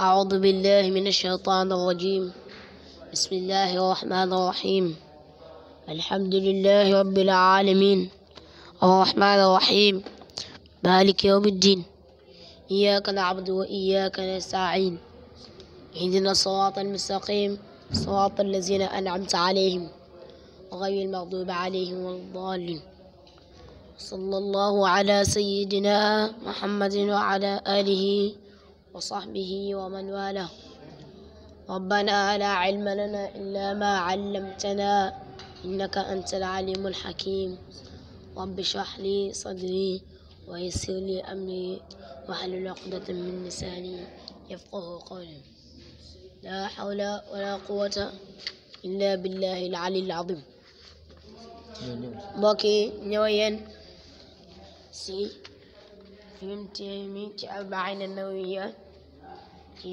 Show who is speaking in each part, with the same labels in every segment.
Speaker 1: أعوذ بالله من الشيطان الرجيم بسم الله الرحمن الرحيم الحمد لله رب العالمين الرحمن الرحيم مالك يوم الدين إياك نعبد وإياك نستعين اهدنا الصراط المستقيم صراط الذين أنعمت عليهم غير المغضوب عليهم ولا الضالين صلى الله على سيدنا محمد وعلى آله وصحبه ومن والاه ربنا لا علم لنا إلا ما علمتنا إنك أنت العليم الحكيم رب اشرح لي صدري ويسر لي أمري واحلل عقدة من لساني يفقه قولي لا حول ولا قوة إلا بالله العلي العظيم بوكي نوين سي فهمتي ميت أربعين النووية ci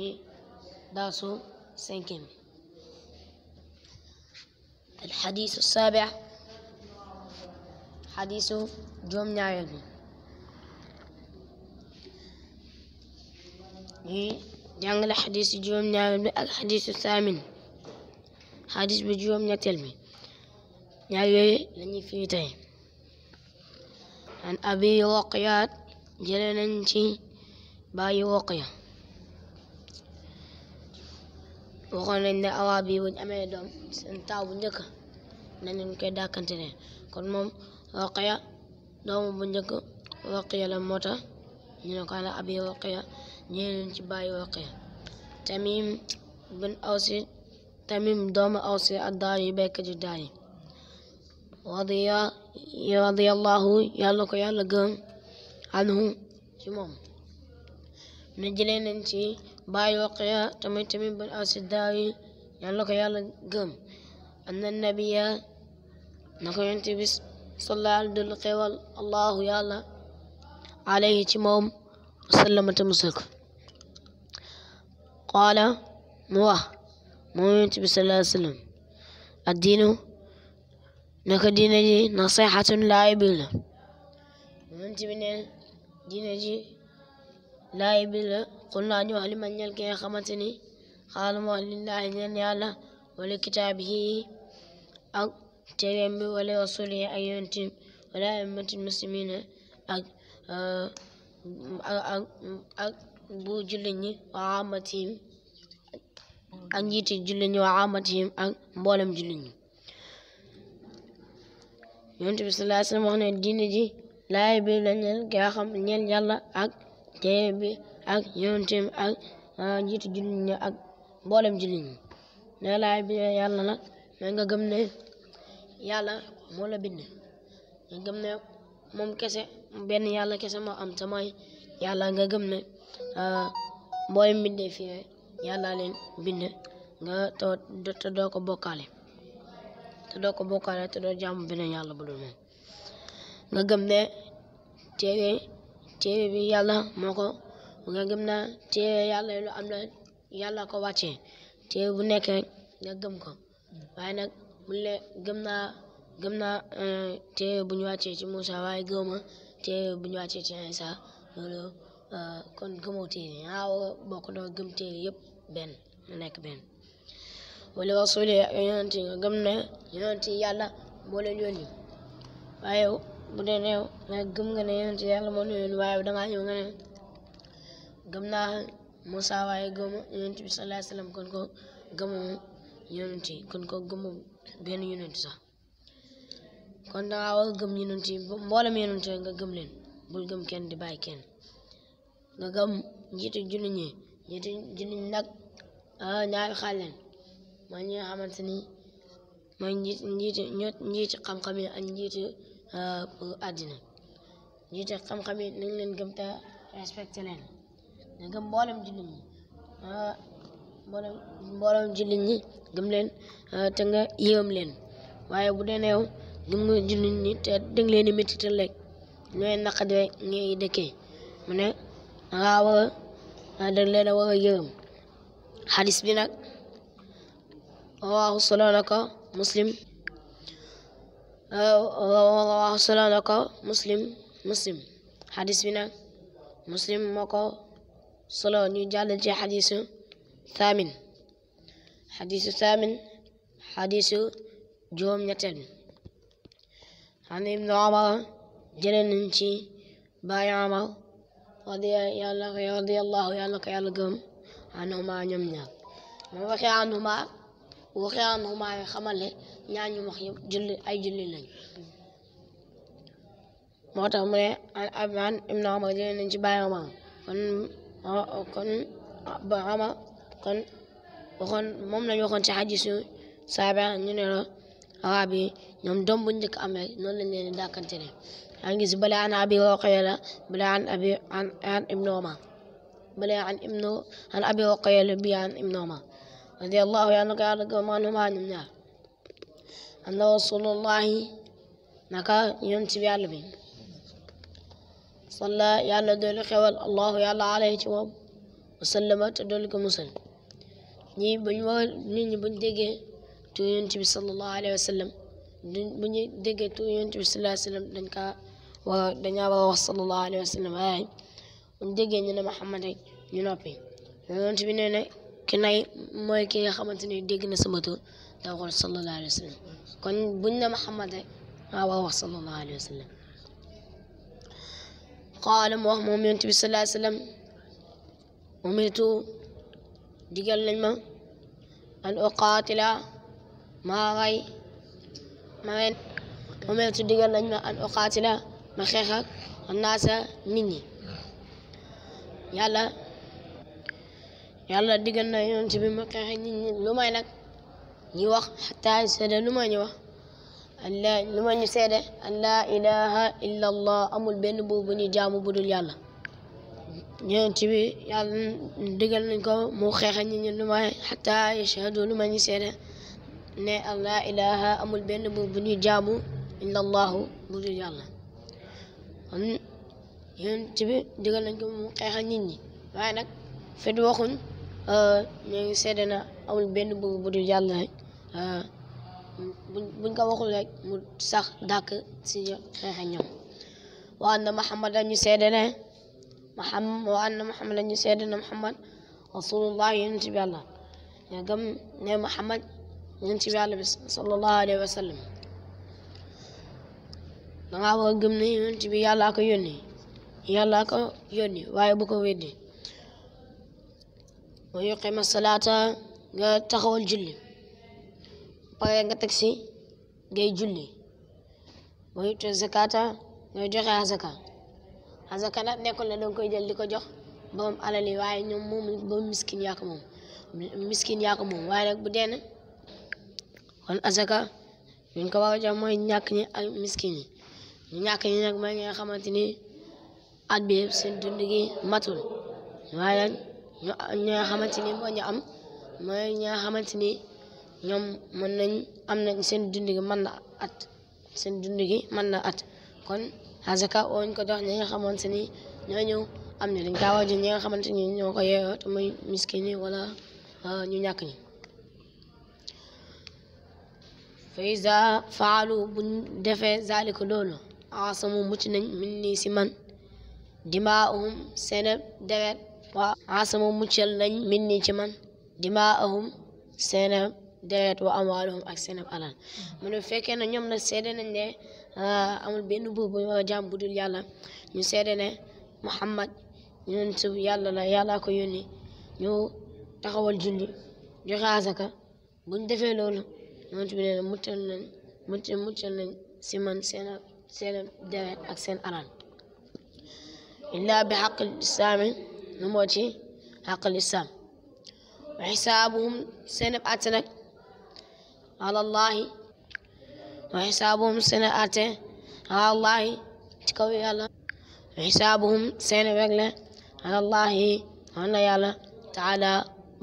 Speaker 1: daasu cinquième bi alxadiisu saabi xadiisu juróom ñaareel bi ñuy jàngale xadiisu juróom ñaareel bi ak xadiisu saamin xadiis bi juróom ñetteel bi ñaar yooyu lañuy an abi woqiyaat jële ci bàyyi woqiya waxoon nañ ne awa bi amee doom seen taaw bu njëkk nañu koy dàkkante ne kon moom waqiya doomu bu njëkk waqiya la moo ñu ne ko ana abi waqiya ñu leen ci bàyyi waqiya tamim bin awsi tamim doomu awsi ak yi béykat yu daar yi radiya radiallahu yàlla ko yàlla gërëm anhu ci moom ne jëlee nañ ci baay Waqiya tamit tamit bin Asiddaawi yàlla ko yàlla gëm anna nabiya na ko yonent bi sallallahu dul xewal allahu yàlla alayhi ci moom sallamata musak qaala mu wax moom yonent bi sallallahu din sallam addiinu naka diina ji nasixatun laayi ne diina laay bi la xul naa ñu wax li man ñel ki nga xamante ni xaaral wala kitaab yi ak téeréem wala rasul yi ak wala ammatil muslimina ak euh, ak ak bu jullit ñi wa amatihim ak njiiti jullit ñi wa amatihim ak mboolem jullit ñi yonent bi sallallahu alayhi wa ji laay bi la ñel ki nga xam ñel téere bi ak yonenteem ak njiitu jullit ñi ak mboolem jullit ñi ne laay bi yàlla nag mais nga gëm ne yàlla moo nga gëm moom kese mbenn yàlla kese moo am samay yàlla nga gëm ne ah, mboolem bindee fi yàlla leen bind nga te doo ko bokkaale te doo ko bokkaale te doo jaamu beneen yàlla moom nga gëm ne téere bi yàlla moo ko nga gëm naa téere yàlla lu am la yàlla ko wàccee téere bu nekk nga gëm ko waaye nag mu le gëm naa gëm naa eh, téere bu ñu wàccee ci Moussa waaye gëwma téere bu ñu wàccee ci Isa loolu eh, kon gëmoo téere yaa bokk doo gëm téere yëpp benn mu nekk benn wala rasuli yonent nga gëm ne yonent yàlla moo leen yónni waaye yow bu dee ne yow gëm nga ne yonent yàlla moo la yónni waaye gëm naa Moussa waaye wasallam kon ko gëmu yonent yi kon ko gëmu benn yonent sax kon dangaa war gëm yonent yi mboolem yonent nga leen bul gëm kenn di bàyyi kenn nga gëm njiitu jullit ñi njiitu jullit ñi nag ah, ñaari xaal leen mooy ñi nga xamante ni mooy yi ak njiiti àddina ñi te xam-xam yi nañ leen gëm ta respecté leen na gëm ah, mboolem jullit ñi gëm leen ah, te nga yéwam leen waaye bu dee yow gëm nga jullit ñi te dégg leen di métti te lekk ñooy naqade ngay dëkkee mu ne dangaa war a ah, dégg leen a yërëm xadis bi nag waaw solo na ko muslim solo na ko muslim muslim xadis bi nag muslim moo ko solo ñu jàll ci xadisu thamin xadisu thamin xadisu juróom ñetteel xan ibnu omar jële nañ ci baay omar radiyallahu yàlla ko yàlla gërëm anuma ñoom ñaar ma waxee anuma waxee am xumaa yi xamal ne ñaar ay julli lañ moo tax mu ne an abaan ibnu Umar jëlee nañ ci bàyyi Umar kon ba xama kon waxoon moom lañ waxoon ci xadiisu saabe ñu ne la araab ñoom doom bu njëkk am rek noonu lañ leen di dàkkante ne gis bala an abi Ruqayya la an abi an abi Ruqayya bi an ibnu radiyallahu yàlla na ko yàlla gërëm anuma ñoom ñaar anna rasulullahi naka yonent bi yàlla bi salla yàlla doolu xewal allahu yàlla alayhi ci moom wa sallama te doolu ko musal ñi buñ wa nit ñi buñ bu ñu tu yonent bi wa sallam dañ kaa dañaa war a wax sallallahu wa sallam waaye buñ ñu ne Muhammad ñu noppi yonent bi nee na ki nay mooy ki nga xamante ni dégg na sama tur da waxoon sallallahu alayhi kon buñ ne Muhammad rek maa war wax sallallahu alayhi wa wax moom yonent bi sallallahu alayhi wa nañ ma an uqaatila maa rey ma ren an uqaatila ma xeex yàlla diggal na yonent bi mu xeex nit ñi lu may nag ñu wax xataa seede lu ma ñu wax allah lu may ñu seede an laa ilaha amul benn buur bu ñu jaamu bu dul yàlla yonent bi yàlla diggal nañ ko mu xeexa nit ñi lu may xataa yashhadu lu may ñu amul benn bu ñu jaamu illa allahu ko waxuñ Euh, ñoo ngi seede na amul benn buur bu dul yàlla rek euh, buñ ko waxul rek mu sax dàkk si xeex ñoom wa anna Muhammad ñu seede ne Muhammad wa anna ñu seede yàlla ñu gëm ne Muhammad yonent bi yàlla bi sallallahu alayhi wa sallam dangaa war a ne yonent bi yàlla ko yónni yàlla ko yónni waaye bu ko weddi wa yuqima salaata nga taxawal julli pare nga teg si ngay julli wa yutu zakata ngay joxe azaka azaka nag nekkul ne danga koy jël di ko jox borom alal waaye ñoom moom borom miskin yaa moom miskin yaa moom waaye nag bu dee ne kon azaka ñu ko war jox mooy ñàkk ñi ak miskin yi ñu ñàkk ñi nag mooy nga xamante ni at bi seen mat gi waaye ñu ñi nga xamante ni mooy ñu am mooy ñi xamante ni ñoom mën nañ am nañ seen dund gi mën na at seen dund gi mën na at kon azaka ooñ ko jox ñi nga xamante ni ñoo ñëw am ne dañ kaa waajur ñi nga xamante ni ñoo ko yeeyoo te muy wala ah, ñu ñàkk ñi faysa faalu defe defee zalika loolu asamu mucc nañ min nii si man dimaahum seen deret wa asama muccal lañ min nii ci man dimaahum seen deret wa amwaaluhum ak seen alal mu ne fekkee ne ñoom nag seede nañ ne ah, amul benn buur bu jaam yàlla ñu seede ne Muhammad yonent yàlla la yàlla ko yónni ñu taxawal julli joxe asaka buñ defee loolu yonent bi nee na muccal nañ muccal nañ si man seen seen deret ak seen alal illaa bi xaqil islaami nu moo ci xaq lislaam wa xisaabuhum seen ab atte nag alallahi wa xisaabuhum seen ab atte alallahi ci kaw yàlla wa xisaabuhum seen wegle alallahi xam na yàlla taala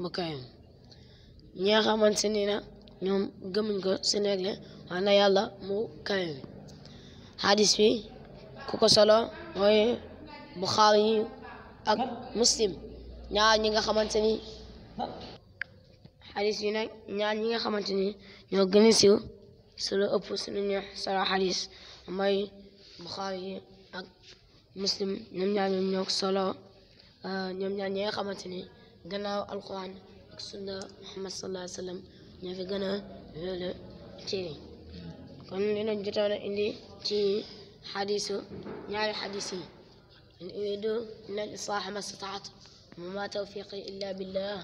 Speaker 1: bu kawem ñi nga xamante ni na ñoom ko seen wegle xam na yàlla mu kawem xadis bi ku ko solo mooy Buxaari ak muslim ñaar ñi nga xamante ni xadis yi nag ñaar ñi nga xamante ni ñoo gën a siiw su la ëpp su lu ñu solo xadis mooy buxaari ak muslim ñoom ñaar ñoom ñoo solo ah, ñoom ñaar ñi nga xamante ni gannaaw alquran ak sunna muhammad sallallahu alayhi ñoo fi gën a loolu ci kon li nañ indi ci xadisu ñaari xadis yi إن أريد إلا الإصلاح ما استطعت وما توفيقي إلا بالله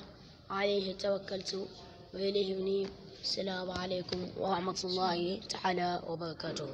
Speaker 1: عليه توكلت وإليه أنيب السلام عليكم ورحمة الله تعالى وبركاته